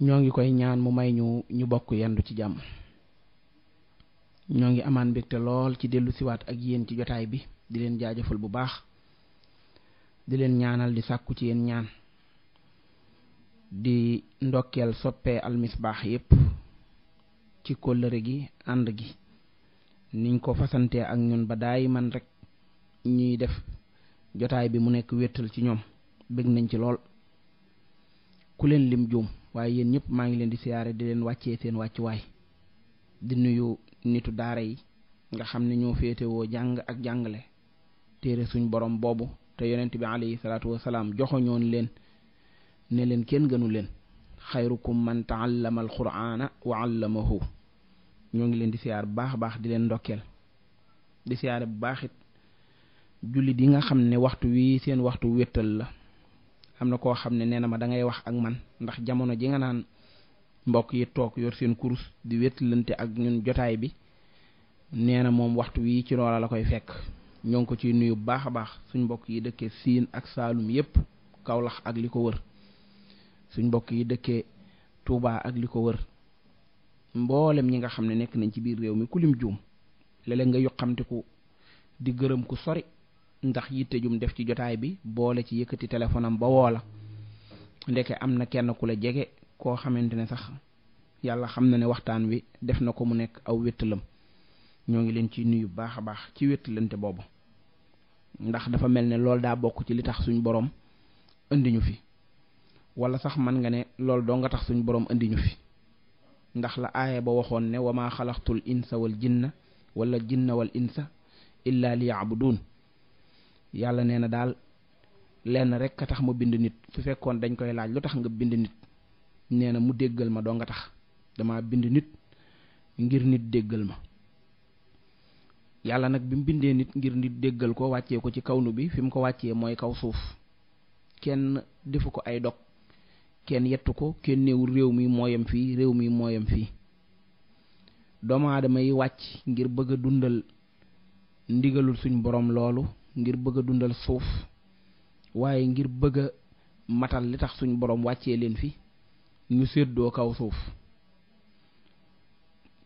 ñoo ngi koy ñaan mu may ñu ñu bokk yendu ci jàmm ñoo ngi amaan mbégte lool ci dellu siwaat ak yéen ci jotaay bi di leen jaajëfal bu baax di leen ñaanal di sàkku ci yéen ñaan di ndokkeel soppee baax yépp ci kóllëre gi ànd gi niñ ko fasante ak ñun ba daay man rek ñuy def jotaay bi mu nekk wéttal ci ñoom bëgg nañ ci lool ku leen lim juum waaye yéen ñëpp maa ngi leen di siyaare di leen wàccee seen wàccuwaay di nuyu nitu daara yi nga xam ne ñoo féetewoo jàng ak jàngale téere suñ borom boobu te yonent bi alayhi salaatu wasalaam joxoñoon leen ne leen kenn gënu leen xayrukum man taallama alquraana wa allamahu ñoo ngi leen di siyaar bu baax baax di leen ndokkeel di siyaare bu baax it jullit yi nga xam ne waxtu wi seen waxtu wéttal la am na koo xam ne nee na ma dangay wax ak man ndax jamono ji nga naan mbokk yi toog yor seen kurus di wétlante ak ñun jotaay bi nee na moom waxtu wii ci loola la koy fekk ñoo ngi ko ciy nuyu bu baax a baax suñ mbokk yi dëkkee siin ak saalum yépp kawlax ak li ko wër suñ mbokk yi dëkkee tuubaa ak li ko wër mboolem ñi nga xam ne nekk nañ ci biir réew mi ku lim juum léeg nga yuqamtiku di gërëm ku sori ndax yitte jum def ci jotaay bi boole ci yëkkati téléphone am ba woo ndeke am na kenn ku la jege koo xamante ne sax yàlla xam na ne waxtaan wi def na ko mu nekk aw wéttalam ñoo ngi leen ci nuyu baax a baax ci wéttalante boobu ndax dafa mel ne loolu daa bokk ci li tax suñu borom indi ñu fi wala sax man nga ne loolu doo nga tax suñu borom indi ñu fi ndax la aaya ba waxoon ne wa maa xalaqtul insa wal jinna wala jinna wal insa illa li yabudun yàlla nee na daal lenn rek ka tax ma bind nit su fekkoon dañ koy laaj lu tax nga bind nit nee na mu déggal ma doo nga tax dama bind nit ngir nit déggal ma yàlla nag bi mu bindee nit ngir nit déggal ko wàccee ko ci kawnu bi fi mu ko wàccee mooy kaw suuf kenn defu ko ay dog kenn yettu ko kenn néewul réew mi mooyam fii réew mi mooyam fii doomu aadama yi wàcc ngir bëgg a dundal ndigalul suñu borom loolu ngir bëgg a dundal suuf waaye ngir bëgg matal li tax suñ borom wàccee leen fi ñu séddoo kaw suuf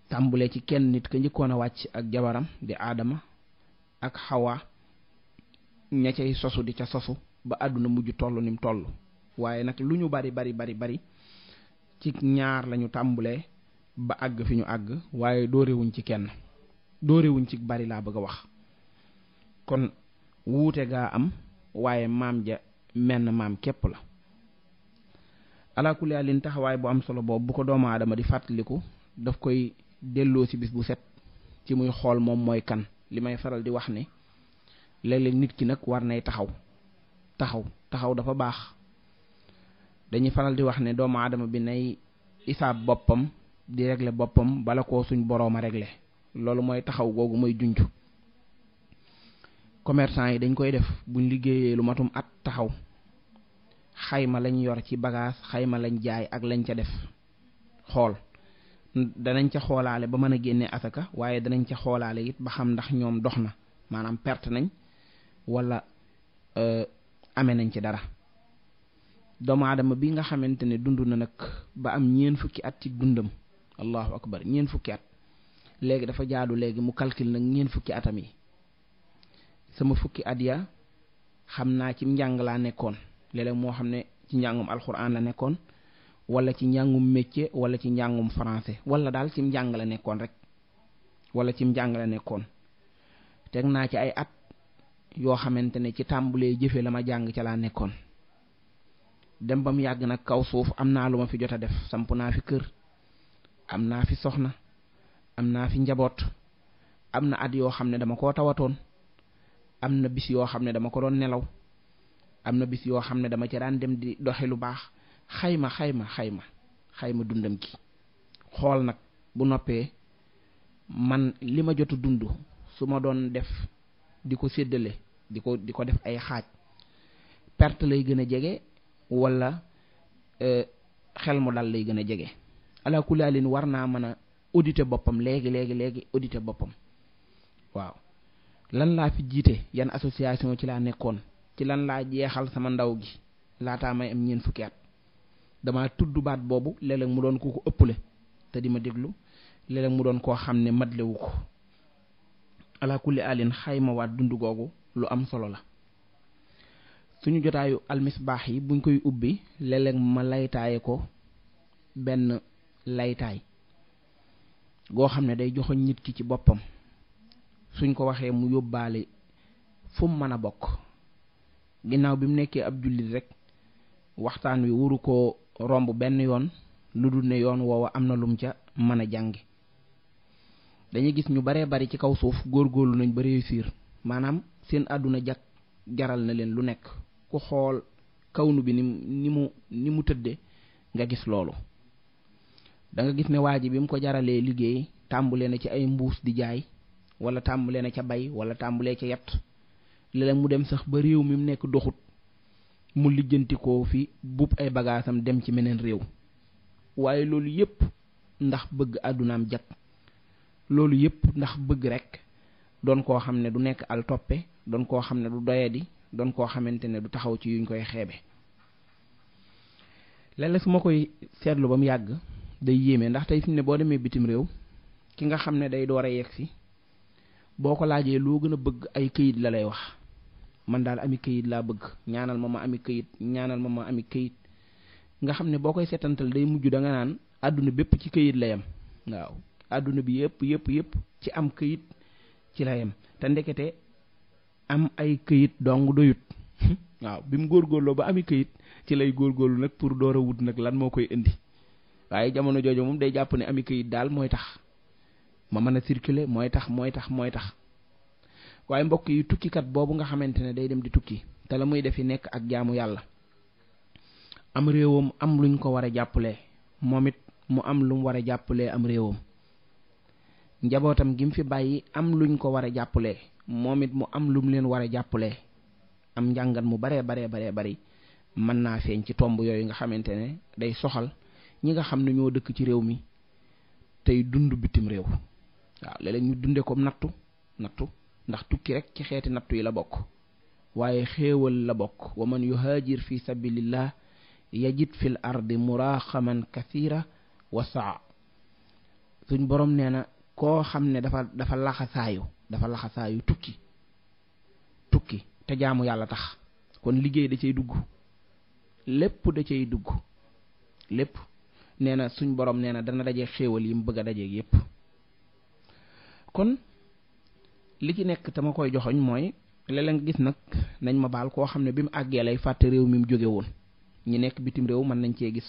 tàmbule ci kenn nit ka njëkkoon a wàcc ak jabaram di aadama ak xawaa ña cay sosu di ca sosu ba àdduna mujj toll nim toll waaye nag lu ñu bari bari bari bari ci ñaar lañu tàmbulee ba àgg fi ñu àgg waaye doorewuñ ci kenn doorewuñ ci bari laa bëgg a wax kon wute gaa am waaye maam ja menn maam képp la alaakulli àllin taxawaay bu am solo boobu bu ko doomu aadama di fàttaliku daf koy delloo ci bis bu set ci muy xool moom mooy kan li may faral di wax ne léeg nit ki nag war nay taxaw taxaw taxaw dafa baax dañuy faral di wax ne doomu aadama bi nay isaab boppam di régler boppam bala koo suñ boroom a regle loolu mooy taxaw googu mooy junju commerçant yi dañ koy def buñ liggéeyee lu matum at taxaw xayma lañ yor ci bagage xayma lañ jaay ak lañ ca def xool danañ ca xoolaale ba mën a génne asaka waaye danañ ca xoolaale it ba xam ndax ñoom dox na maanaam perte nañ wala euh, amee nañ ci dara doomu aadama bi nga xamante ne dund na nag ba am ñeen fukki at ci dundam allahu akbar ñeen fukki at léegi dafa jaadu léegi mu calcul nag ñeen fukki atam yi sama fukki at ya xam naa ci njàng laa nekkoon léeg moo xam ne ci njàngum alxuraan la nekkoon wala ci njàngum métier wala ci njàngum français wala daal ci njàng la nekkoon rek wala ci njàng la nekkoon teg naa ci ay at yoo xamante ne ci tàmbulee jëfe la ma jàng ca laa nekkoon dem ba mu yàgg nag kaw suuf am naa lu ma fi jot a def samp naa fi kër am naa fi soxna am naa fi njaboot am na at yoo xam ne dama koo tawatoon am na bis yoo xam ne dama ko doon nelaw am na bis yoo xam ne dama ci daan dem di doxi lu baax xayma xayma xayma xayma dundam gi xool nag bu noppee man li ma jotu dund su ma doon def di ko séddale di ko di ko def ay xaaj perte lay gën a jege wala euh, xel mu dal lay gën a jege alaakulaalin war naa mën a auditer boppam léegi léegi léegi auditer boppam waaw lan laa fi jiite yan association ci laa nekkoon ci lan laa jeexal sama ndaw gi laataa may am ñeent fukki at damaa tudd baat boobu léeg mu doon ku ko ëppale te di ma déglu léeg mu doon koo xam ne matlewu ko ala kulli alin xaymawaat dund googu lu am solo la suñu jotaayu almisbaax yi buñ koy ubbi léeg ma laytaaye ko benn laytaay goo xam ne day joxoñ nit ki ci boppam suñ ko waxee mu yóbbaale fu mu mën a bokk ginnaaw bi mu nekkee ab jullit rek waxtaan wi waru koo romb benn yoon lu dul ne yoon woowa am na lum ca mën a jànge dañuy gis ñu baree bari ci kaw suuf góorgóorlu nañ ba réussir maanaam seen àdduna jag jaral na leen lu nekk ku xool kawnu bi ni ni mu ni mu tëdde nga gis loolu danga gis ne waa bi mu ko jaralee liggéey tàmbule na ci ay mbuus di jaay wala tàmbulee na ca bay wala tàmbulee ca yett léeg mu dem sax ba réew mi mu nekk doxut mu lijjanti ko fi buub ay bagaasam dem ci meneen réew waaye loolu yépp ndax bëgg àddunaam jag loolu yépp ndax bëgg rekk doon koo xam ne du nekk al toppe doon koo xam ne du doyadi doon koo xamante ne du taxaw ci yuñ koy xeebe léeg su ma koy seetlu ba mu yàgg day yéeme ndax tey fi ne boo demee bitim réew ki nga xam ne day door a yegg si boo ko laajee loo gën a bëgg ay këyit la lay wax man daal ami këyit laa bëgg ñaanal ma ma ami këyit ñaanal ma ma ami nga xam ne boo koy seetantal day mujj danga naan àdduna bépp ci këyit la yem waaw àdduna bi yëpp yëpp yëpp ci am këyit ci la yem te ndekete am ay këyit dong doyut waaw bi mu góor góorloo ba ami këyit ci lay góor góorgóorlu nag pour door a wut nag lan moo koy indi waaye jamono joojo moom day jàpp ne ami këyit daal mooy tax ma mën a circuler mooy tax mooy tax mooy tax waaye mbokk yi tukkikat boobu nga xamante ne day dem di tukki te la muy defi nekk ak jaamu yàlla am réewam am luñ ko war a jàppalee moom it mu am lum war a jàppalee am réewam njabootam gi fi bàyyi am luñ ko war a jàppalee moom mu am lu leen war a jàppalee am njàngat mu baree baree baree bari mën naa feeñ ci tomb yooyu nga xamante ne day soxal ñi nga xam ni ñoo dëkk ci réew mi tey dund bitim réew waaw léeg ñu dunde ko nattu nattu ndax tukki rek ci xeeti nattu yi la bokk waaye xéewal la bokk wa man yuhaajir fi sabilillah yajid fil ardi muraaxaman kathira wa saa suñ boroom nee na koo xam ne dafa dafa laxasaayu dafa laxasaayu tukki tukki te jaamu yàlla tax kon liggéey da cay dugg lépp da cay dugg lépp nee na suñ borom nee na dana daje xéewal yi mu bëgg a dajeeg yépp kon li ci nekk te ma koy joxoñ mooy léeg gis nag nañ ma baal koo xam ne bi mu àggee lay fàtte réew mi mu jóge woon ñi nekk bitim réew man nañ cee gis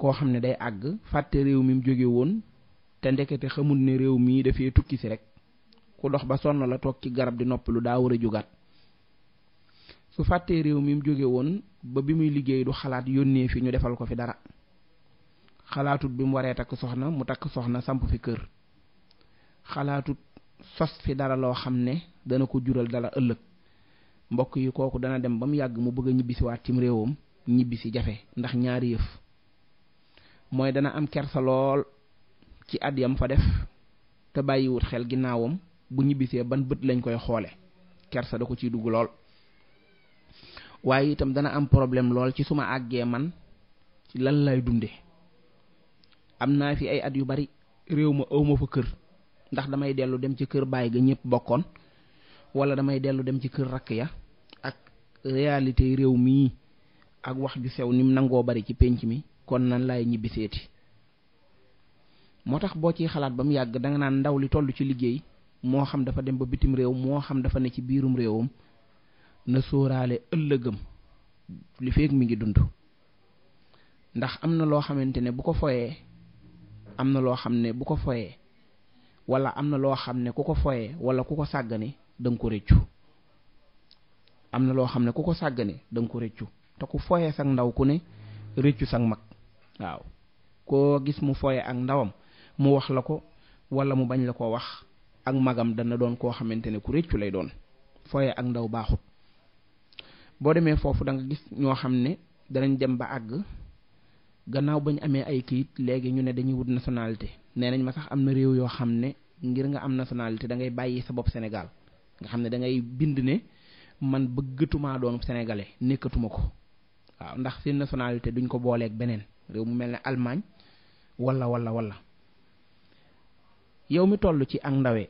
koo xam ne day àgg fàtte réew mi mu jóge woon te ndekete xamul ne réew mii dafee tukki si rek ku dox ba sonn la toog ci garab di noppalu daa war a jógaat su fàttee réew mi mu jóge woon ba bi muy liggéey du xalaat yónnee fi ñu defal ko fi dara xalaatut bi mu waree takk soxna mu takk soxna samp fi kër xalaatu sos fi dara loo xam ne dana ko jural dara ëllëg mbokk yi kooku dana dem ba mu yàgg mu bëgg a ñibbisiwaat cim réewam ñibbisi jafe ndax ñaari yëf mooy dana am kersa lool ci at yam fa def te bàyyiwut xel ginnaawam bu ñibbisee ban bët lañ koy xoole kersa da ko ciy dugg lool waaye itam dana am problème lool ci suma àggee man lan lay dunde am naa fi ay at yu bari réew ma awma fa kër ndax damay dellu dem ci kër bàyyi ga ñëpp bokkoon wala damay dellu dem ci kër rakk ya ak réalité réew mii ak wax ju sew nim nangoo bari ci pénc mi kon nan laay ñibbi seeti moo tax boo ciy xalaat ba mu yàgg danga naan ndaw li toll ci liggéey moo xam dafa dem ba bitim réew moo xam dafa ne ci biirum réewam na sóoraale ëllëgam li feeg mi ngi dund ndax am na loo xamante ne bu ko foyee am na loo xam ne bu ko foyee wala am na loo xam ne ku ko foyee wala ku ko sàggane danga nga ko rëccu am na loo xam ne ku ko sàggane da nga ko rëccu te ku foyee sag ndaw ku ne rëccu sag mag waaw koo gis mu foyee ak ndawam mu wax la ko wala mu bañ la ko wax ak magam dana doon koo xamante ne ku rëccu lay doon foyee ak ndaw baaxut boo demee foofu danga gis ñoo xam ne danañ dem ba àgg gannaaw ba ñu amee ay kayit léegi ñu ne dañuy wut nationalité nee nañ ma sax am na réew yoo xam ne ngir nga am nationalité da ngay bàyyi sa bopp senegal nga xam ne da ngay bind ne man bëggatumaa doon sénégalais nekkatuma ko waaw ndax seen nationalité duñ ko booleeg beneen réew mu mel ne Allemagne wala wala walla yow mi toll ci ak ndawe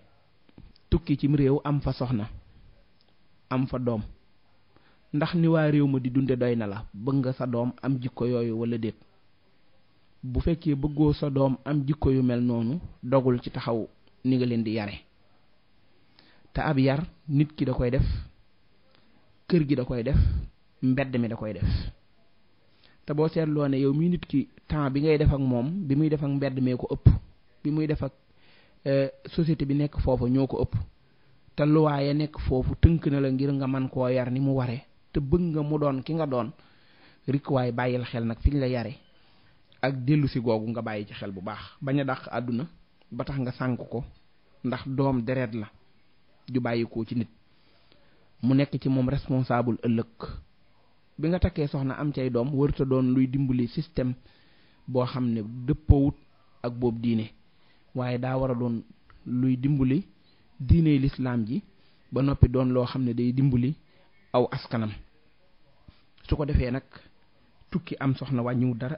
tukki cim réew am fa soxna am fa doom ndax ni waa réew ma di dunde doy na la bëgg nga sa doom am jikko yooyu wala déet bu fekkee bëggoo sa doom am jikko yu mel noonu dogul ci taxaw ni nga leen di yare te ab yar nit ki da koy def kër gi da koy def mbedd mi da koy def te boo seetloo ne yow mii nit ki temps bi ngay def ak moom bi muy def ak mbedd mee ko ëpp bi muy def ak euh, société bi nekk foofa ñoo ko ëpp te luwaaye nekk foofu tënk na la ngir nga man koo yar ni mu waree te bëgg nga mu doon ki nga doon rikk waay bàyyil xel nag fi la yare ak dellu si googu nga bàyyi ci xel bu baax bañ a dàq àdduna ba tax nga sànk ko ndax doom deret la ju bàyyikoo ci nit mu nekk ci moom responsable ëllëg bi nga takkee soxna am cay doom warta doon luy dimbali système boo xam ne dëppawut ak boobu diine waaye daa war a doon luy dimbali diine lislaam ji ba noppi doon loo xam ne day dimbali aw askanam su ko defee nag tukki am soxna wàññiwu dara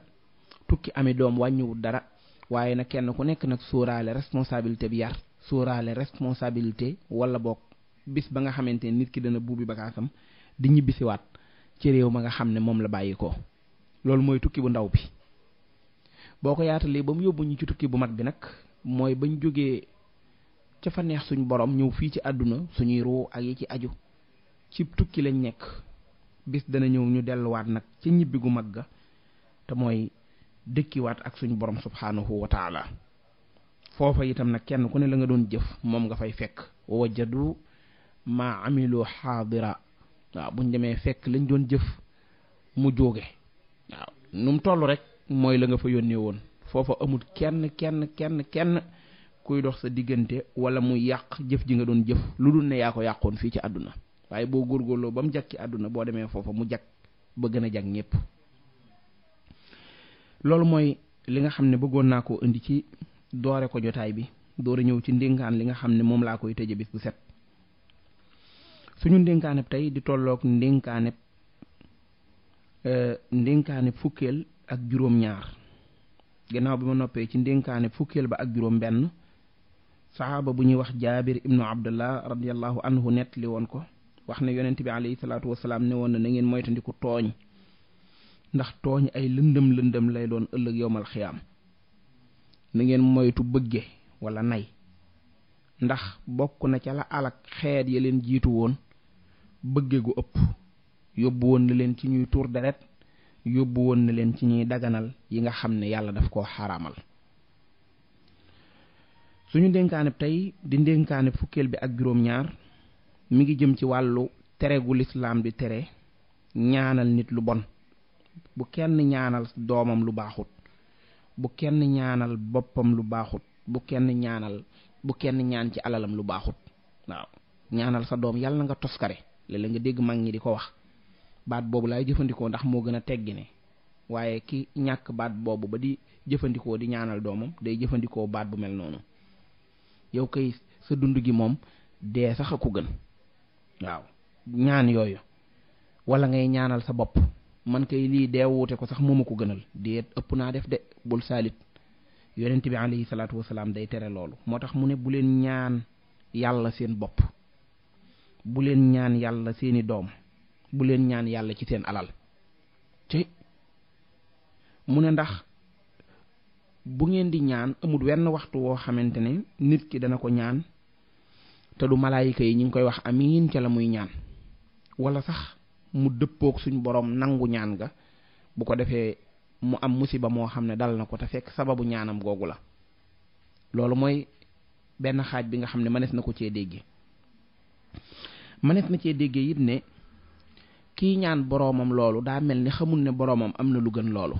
tukki ami doom wàññiwul dara waaye nag kenn ku nekk nag sóoraale responsabilité bi yar sóoraale responsabilité wala boog bis ba nga xamante nit ki dana buubi bakaasam di ñibbisiwaat ci réew ma nga xam ne moom la bàyyi ko loolu mooy tukki bu ndaw bi boo ko yaatalee ba mu yóbbu ñu ci tukki bu mag bi nag mooy bañ jógee ca fa neex suñu borom ñëw fii ci àdduna suñuy ruu ak yi ci aju ci tukki lañ nekk bis dana ñëw ñu delluwaat nag ci ñibbi gu mag ga dëkkiwaat ak suñ borom subhaanahu wa taala foofa itam nag kenn ku ne la nga doon jëf moom nga fay fekk wajadu maa amiloo xaadira waaw buñ demee fekk lañ doon jëf mu jóge waaw nu mu toll rek mooy la nga fa yónnee woon foofa amut kenn kenn kenn kenn kuy dox sa diggante wala mu yàq jëf ji nga doon jëf lu dul ne yaa ko yàqoon fii ci àdduna waaye boo góorgóorloo ba mu jag ci àdduna boo demee foofa mu jag ba gën a jag ñépp loolu mooy li nga xam ne bëggoon naa ko indi ci doore ko jotaay bi doore ñëw ci ndénkaan li nga xam ne moom laa koy tëje bis bu set suñu ndénkaaneb tey di tollook ndénkaaneb e, ndénkaaneb fukkeel ak juróom-ñaar gannaaw bi ma noppee ci ndénkaaneb fukkeel ba ak juróom-benn saxaaba bu ñuy wax jaabir ibnu abdullah radiallahu anhu nett li woon ko wax ne yonent bi alayhi salaatu wasalaam ne woon na na ngeen moytandiku tooñ ndax tooñ ay lëndëm lëndëm lay doon ëllëg yowmal xiyaam na ngeen moytu bëgge wala nay ndax bokk na ca la alak xeet ya leen jiitu woon bëgge gu ëpp yóbbu woon na leen ci ñuy tuur deret yóbbu woon na leen ci ñuy daganal yi nga xam ne yàlla daf koo xaraamal suñu ndénkaanib tey di ndénkaanib fukkeel bi ak juróom-ñaar mi ngi jëm ci wàllu tere gu lislaam di tere ñaanal nit lu bon bu kenn ñaanal doomam lu baaxut bu kenn ñaanal boppam lu baaxut bu kenn ñaanal bu kenn ñaan ci alalam lu baaxut waaw ñaanal sa doom yàlla nga toskare léeg-léeg nga dégg mag ñi di ko wax baat boobu laay jëfandikoo ndax moo gën a teggine waaye ki ñàkk baat boobu ba di jëfandikoo di ñaanal doomam day jëfandikoo baat bu mel noonu yow kay sa dund gi moom dee sax a ko gën waaw ñaan yooyu wala ngay ñaanal sa bopp man kay lii dee wuute ko sax moom mooma ko gënal déet ëpp naa def de bul saalit yonent bi alayhi salaatu wasalaam day tere loolu moo tax mu ne bu leen ñaan yàlla seen bopp bu leen ñaan yàlla seeni doom bu leen ñaan yàlla ci seen alal te mu ne ndax bu ngeen di ñaan amul wenn waxtu woo xamante ne nit ki dana ko ñaan te du malaayika yi ñu ngi koy wax amiin ca la muy ñaan wala sax mu dëppook suñ boroom nangu ñaan ga bu ko defee mu am musiba moo xam ne dal na ko te fekk sababu ñaanam googu la loolu mooy benn xaaj bi nga xam ne mënees na ko cee déggee mënees na cee déggee it ne kii ñaan boroomam loolu daa mel ni xamul ne boroomam am na lu gën loolu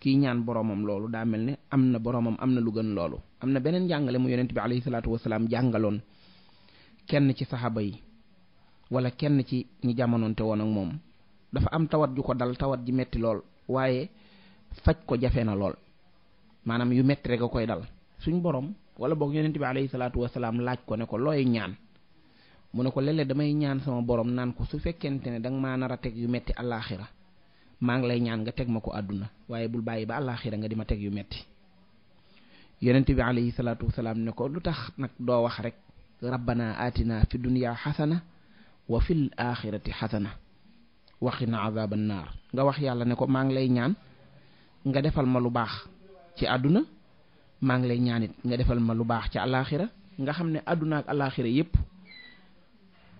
kii ñaan boroomam loolu daa mel ne am na boroomam am na lu gën loolu am na beneen jàngale mu yonent bi alayhi salaatu wasalaam jàngaloon kenn ci saxaaba yi wala kenn ci ñi te woon ak moom dafa am tawat ji ko dal tawat ji metti lool waaye faj ko jafe na lool maanaam yu metti rek a koy dal suñ borom wala boog yonent bi alayhi salaatu wasalaam laaj ko ne ko looy ñaan mu ne ko léeg damay ñaan sama boroom naan ko su fekkente ne danga maa nar a teg yu metti àllaaxira maa ngi lay ñaan nga teg ma ko àdduna waaye bul bàyyi ba àllaaxira nga di ma teg yu metti yonent bi alayhi salaatu wasalaam ne wa fil axirati xasana waxina azaban naar nga wax yàlla ne ko maa ngi lay ñaan nga defal ma lu baax ci àdduna maa ngi lay ñaanit nga defal ma lu baax ci alaxira nga xam ne àdduna ak alaxira yépp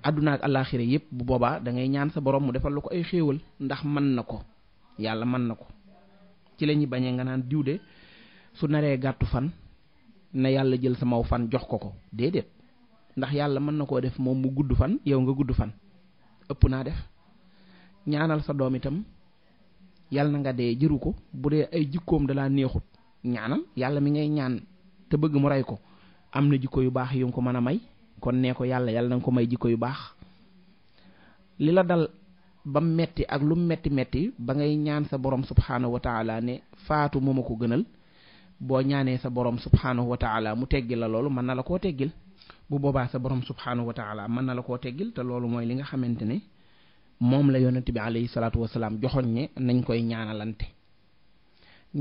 àdduna ak alaxira yépp bu boobaa dangay ñaan sa boroom mu defal la ko ay xéewal ndax mën na ko yàlla mën na ko ci lañuy ñuy bañee nga naan diw de su naree gàttu fan na yàlla jël samaw fan jox ko ko déedéet ndax yàlla mën na koo def moom mu gudd fan yow nga gudd fan ëpp naa def ñaanal sa doom itam yàlla na nga dee jëru ko bu dee ay jikkoom dalaa neexut ñaanal yàlla mi ngay ñaan te bëgg mu rey ko am na jikko yu baax yu nga ko mën a may kon ne ko yàlla yàlla na nga ko may jikko yu baax li la dal ba metti ak lu metti metti ba ngay ñaan sa borom subhaanahu wa ne faatu moom a ko gënal boo ñaanee sa borom subhaanahu wa taala mu teggi la loolu mën na la koo teggil bu boobaa sa boroom subhaanahu wa taala mën na la koo teggil te loolu mooy li nga xamante ne moom la yonent bi alayhi salaatu wasalaam joxoon ñe nañ koy ñaanalante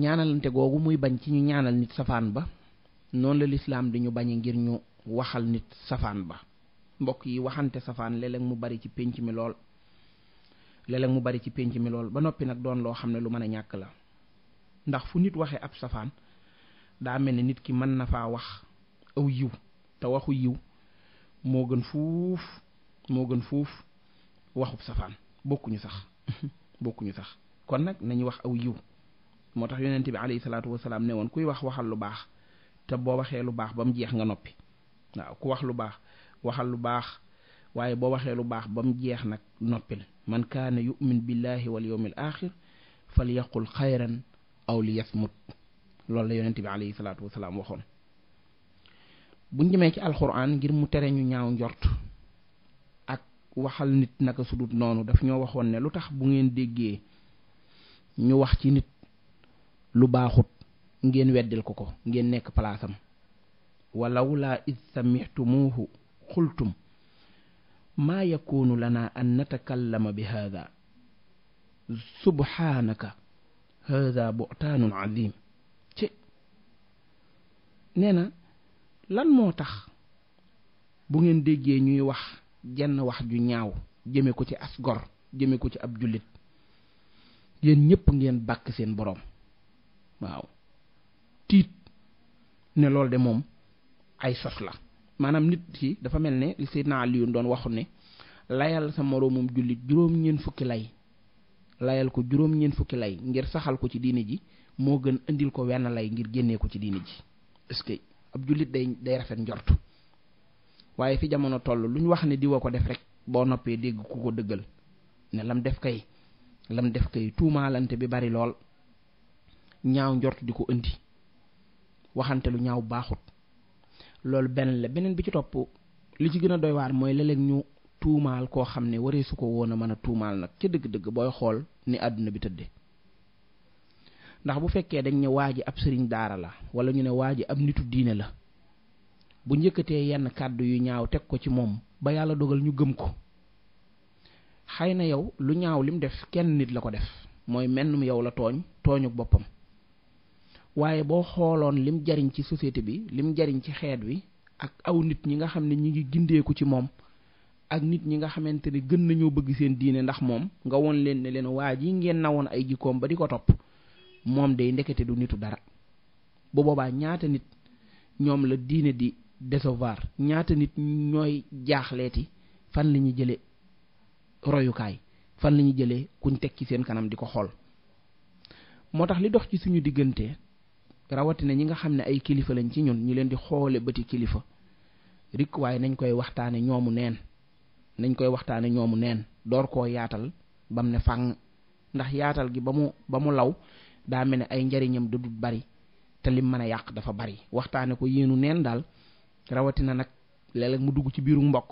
ñaanalante googu muy bañ ci ñu ñaanal nit safaan ba noonu la lislaam di ngir ñu waxal nit safaan ba mbokk yi waxante safaan léeg mu bari ci pénc mi lool léeg mu bari ci pénc mi lool ba noppi nag doon loo xam ne lu mën a ñàkk la ndax fu nit waxee ab safaan daa mel ne nit ki mën na fa wax aw yiw te waxu yiw moo gën fuuf moo gën fuuf waxub safaan bokkuñu sax bokkuñu sax kon nag nañu wax aw yiw moo tax yonent bi alayhi salaatu wasalaam ne woon kuy wax waxal lu baax te boo waxee lu baax ba mu jeex nga noppi waaw wax lu baax waxal lu baax waaye boo waxee lu baax ba mu jeex nag noppil man kaana yu'min billahi wal yawmil axir fal yaqul xayran aw li yasmut loolu la yonent bi alayhi salaatu wasalaam waxoon bu demee ci alxuraan ngir mu tere ñu ñaaw njort ak waxal nit naka sudut noonu daf ñoo waxoon ne lu tax bu ngeen déggee ñu wax ci nit lu baaxut ngeen weddil ko ko ngeen nekk palaasam walaw laa id samictumuuhu xultum maa yakunu lana an natakallama bi haada subhaanaka haada buxtaanun azim ci nee lan moo tax bu ngeen déggee ñuy wax jenn wax ju ñaaw jëme ko ci as gor jëme ko ci ab jullit yéen ñépp ngeen bàkk seen boroom waaw tiit ne loolu de moom ay sos la maanaam nit ki dafa mel ne li Seydina Aliyu doon waxu ne layal sa moroomum jullit juróom-ñeent fukki lay layal ko juróom-ñeent fukki lay ngir saxal ko ci diini ji moo gën indil ko wenn lay ngir génnee ko ci diini ji ab jullit day day rafet njort waaye fi jamono toll lu ñu wax ne di wa ko def rek boo noppee dégg ku ko dëggal ne lam def kay lam def kay tuumaalante bi bari lool ñaaw njort di ko indi waxante lu ñaaw baaxut loolu benn la beneen bi ci topp li ci gën a doy waar mooy léeg-léeg ñu tuumaal koo xam ne waree ko woon a mën a tuumaal nag ca dëgg-dëgg booy xool ni àdduna bi tëddee ndax bu fekkee dañ ne waa ji ab sëriñ daara la wala ñu ne waa ji ab nitu diine la bu njëkkatee yenn kàddu yu ñaaw teg ko ci moom ba yàlla dogal ñu gëm ko xëy na yow lu ñaaw lim def kenn nit la ko def mooy mennum yow la tooñ tooñu boppam waaye boo xooloon lim jariñ ci société bi lim jariñ ci xeet wi ak aw nit ñi nga xam ne ñi ngi gindeeku ci moom ak nit ñi nga xamante ne gën nañoo bëgg seen diine ndax moom nga woon leen ne leen waa ji ngeen nawoon ay jikkoom ba di ko topp moom day ndekete du nitu dara bu boobaa ñaata nit ñoom la diine di décevoir ñaata nit ñooy jaaxleeti fan lañu jële royukaay fan lañu ñuy jëlee kuñ teg ci seen kanam di ko xool moo tax li dox ci suñu diggante rawatina ñi nga xam ne ay kilifa lañ ci ñun ñu leen di xoole bëti kilifa rik waaye nañ koy waxtaane ñoomu neen nañ koy waxtaane ñoomu neen door koo yaatal bam ne fànn ndax yaatal gi ba mu ba mu law daa mel ni ay njariñam da du bari te lim mën a yàq dafa bari waxtaane ko yéenu neen daal rawatina nag léeg mu dugg ci biiru mbokk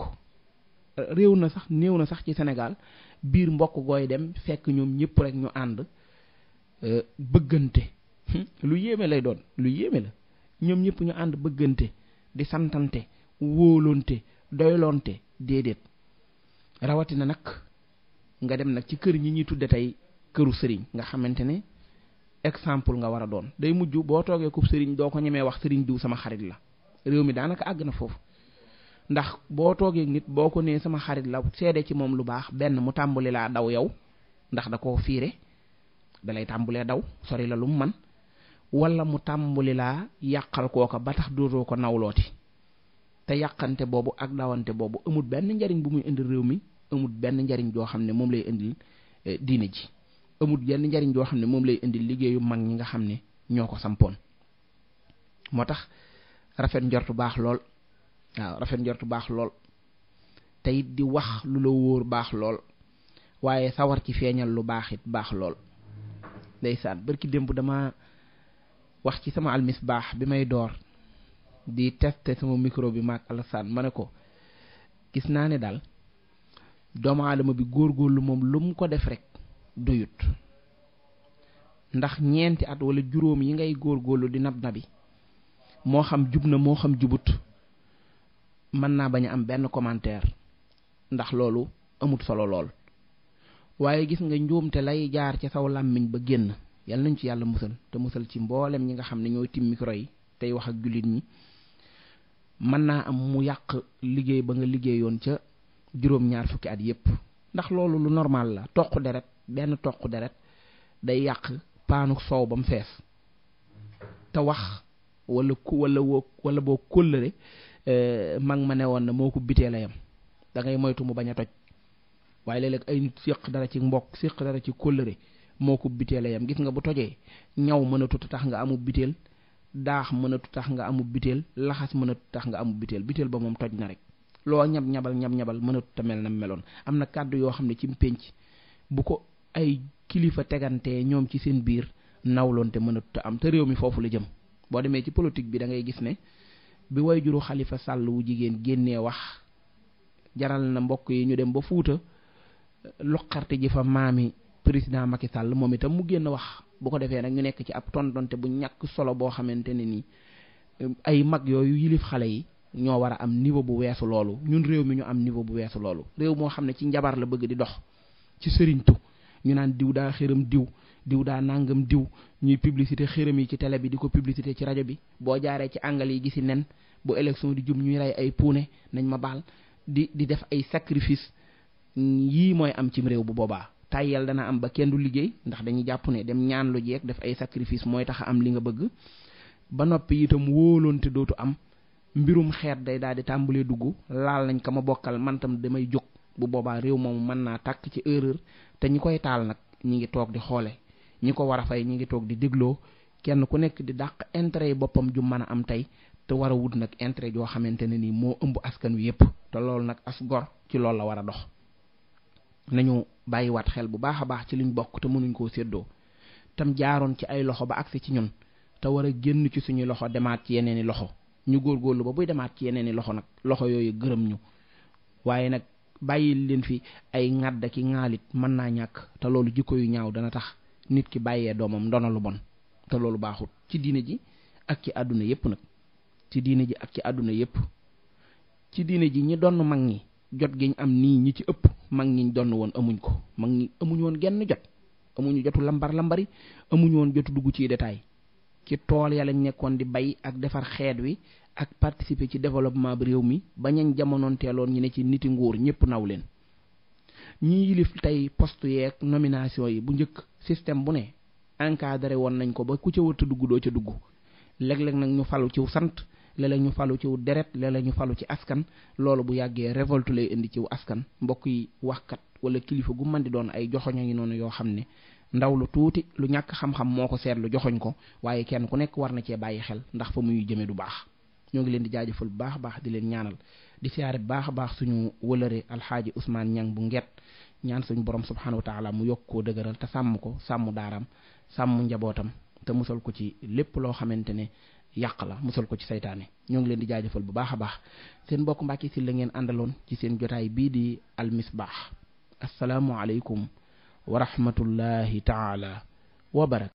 réew na sax néew na sax ci Sénégal biir mbokk gooy dem fekk ñoom ñëpp rek ñu ànd euh, bëggante lu yéeme lay doon lu la ñoom ñëpp ñu ànd bëggante di santante wóolonte doylonte déedéet rawatina nag nga dem nag ci kër ñi ñuy tudde tey këru sëriñ nga xamante ne exemple nga war a doon day mujj boo toogee kub sëriñ doo ko ñemee wax sëriñ diw sama xarit la réew mi daanaka àgg na foofu ndax boo toogee nit boo ko nee sama xarit la seede ci moom lu baax benn mu tàmbali laa daw yow ndax da koo fiire dalay tàmbulee daw sori la lu man wala mu tàmbuli laa yàqal kooka ba tax dootoo ko nawlooti te yàqante boobu ak dawante boobu amul benn njariñ bu muy indi réew mi amul benn njariñ joo xam ne moom lay indil eh, diine ji amul yenn njariñ joo xam ne moom lay indi liggéeyu mag ñi nga xam ne ñoo ko sampoon moo tax rafet njortu baax lool waaw rafet njortu baax lool tey di wax lu la wóor baax lool waaye sawar ci feeñal lu baax it baax lool ndeysaan barki démb dama wax ci sama baax bi may door di tester sama micro bi maag Alassane ma ne ko gis naa ne daal doomu aadama bi góorgóorlu moom lu mu ko def rek doyut ndax ñeenti at wala juróom yi ngay góorgóorlu di nab nabi moo xam jub na moo xam jubut mën naa bañ a am benn commentaire ndax loolu amut solo lool waaye gis nga njuumte lay jaar ci saw làmmiñ ba génn yal nañ ci yàlla musal te musal ci mbooleem ñi nga xam ne ñooy tim micro yi tey wax ak jullit ñi mën naa am mu yàq liggéey ba nga liggéeyoon ca juróom-ñaar fukki at yépp ndax loolu lu normal la toq deret benn toq deret day yàq paanu soow ba mu fees te wax wala ku wala woo wala boo kóllëre euh, mag ma ne woon na moo ko bitee la yam da moytu mu bañ a toj waaye léeg ay nit séq dara ci mbokk séq dara ci kóllëre moo ko bitee yam gis nga bu tojee ñaw mënatut tax nga amu biteel daax mënatu tax nga amu biteel laxas mënatu tax nga amu biteel biteel ba moom toj na rek loo ñab ñabal ñab ñabal mënatu ta mel na meloon am na kàddu yoo xam ne ci mpénc bu ko ay kilifa tegante ñoom ci seen biir nawloonte mënatut a am te réew mi foofu la jëm boo demee ci politique bi da ngay gis ne bi way juru xalifa sàll wu jigéen génnee wax jaral na mbokk yi ñu dem ba fuuta loqarte ji fa maami président Macky sàll moom itam mu génn wax bu ko defee nag ñu nekk ci ab tontonte bu ñàkk solo boo xamante ne nii ay mag yooyu yilif xale yi ñoo war a am niveau bu weesu loolu ñun réew mi ñu am niveau bu weesu loolu réew moo xam ne ci njabar la bëgg di dox ñu naan diw daa xëram diw diw daa nangam diw ñuy publicité xëram yi ci tele bi di ko publicité ci rajo bi boo jaaree ci angal yi gisi nen bu élection di jub ñuy rey ay puune nañ ma baal di di def ay sacrifice yii mooy am cim réew bu boobaa tàyyel dana am ba kenn du liggéey ndax dañuy jàpp ne dem ñaan lu jeeg def ay sacrifice mooy tax am li nga bëgg ba noppi itam wóoloonte dootu am mbirum xeet day daal di tàmbalee dugg laal nañ ka ma bokkal man damay jóg bu boobaa réew moom mën naa tàkk ci erreur te ñi koy taal nag ñi ngi toog di xoole ñi ko war a fay ñi ngi toog di dégloo kenn ku nekk di dàq intérêt yi boppam ju mën a am tey te war a wut nag intérêt joo xamante ne nii moo ëmb askan wi yépp te loolu nag as gor ci loolu la war a dox nañu bàyyiwaat xel bu baax a baax ci liñ bokk te mënuñ koo séddoo tam jaaroon ci ay loxo ba agsi ci ñun te war a génn ci suñu loxo demaat ci yeneeni loxo ñu góor góorgóorlu ba buy demaat ci yeneeni loxo nag loxo yooyu gërëm ñu waaye bàyyil leen fi ay ŋàdda ki ŋaalit mën naa ñàkk te loolu jikko yu ñaaw dana tax nit ki bàyyee doomam ndono lu bon te loolu baaxut ci diine ji ak ci àdduna yépp nag ci diine ji ak ci àdduna yépp ci diine ji ñi donn mag ñi jot gi am nii ñi ci ëpp mag ñi ñu donn woon amuñ ko mag ñi amuñ woon genn jot amuñu jotu lambar lambari amuñ woon jotu dugg ci détail ci tool ya lañ nekkoon di bay ak defar xeet wi ak participer ci développement bi réew mi bañañ jamonoon teeloon ñu ne ci niti nguur ñëpp naw leen ñi yilif tey poste yeeg nomination yi bu njëkk système bu ne encadré woon nañ ko ba ku ca wëtt dugg doo ca dugg léeg-léeg nag ñu falu ciw sant léeg ñu falu ciw deret léeg ñu falu ci askan loolu bu yàggee révolte lay indi ciw askan mbokk yi waxkat wala kilifa gu mën di doon ay joxoño ngi noonu yoo xam ne ndaw lu tuuti lu ñàkk xam-xam moo ko seetlu joxoñ ko waaye kenn ku nekk war na cee bàyyi xel ndax fa muy jëme du baax ñoo ngi leen di jaajëfal bu baax a baax di leen ñaanal di siyaare bu baax a baax suñu wëlëre alxaaji Ousmane Niang bu nget ñaan suñu borom subhanahu wa taala mu yokk koo dëgëral te sàmm ko sàmm daaraam sàmm njabootam te musal ko ci lépp loo xamante ne yàq la musal ko ci seytaane ñoo ngi leen di jaajëfal bu baax a baax seen mbokk Mbàkke si la ngeen àndaloon ci seen jotaay bii di almisbaax asalaamualeykum wa rahmatullahi taala wa barak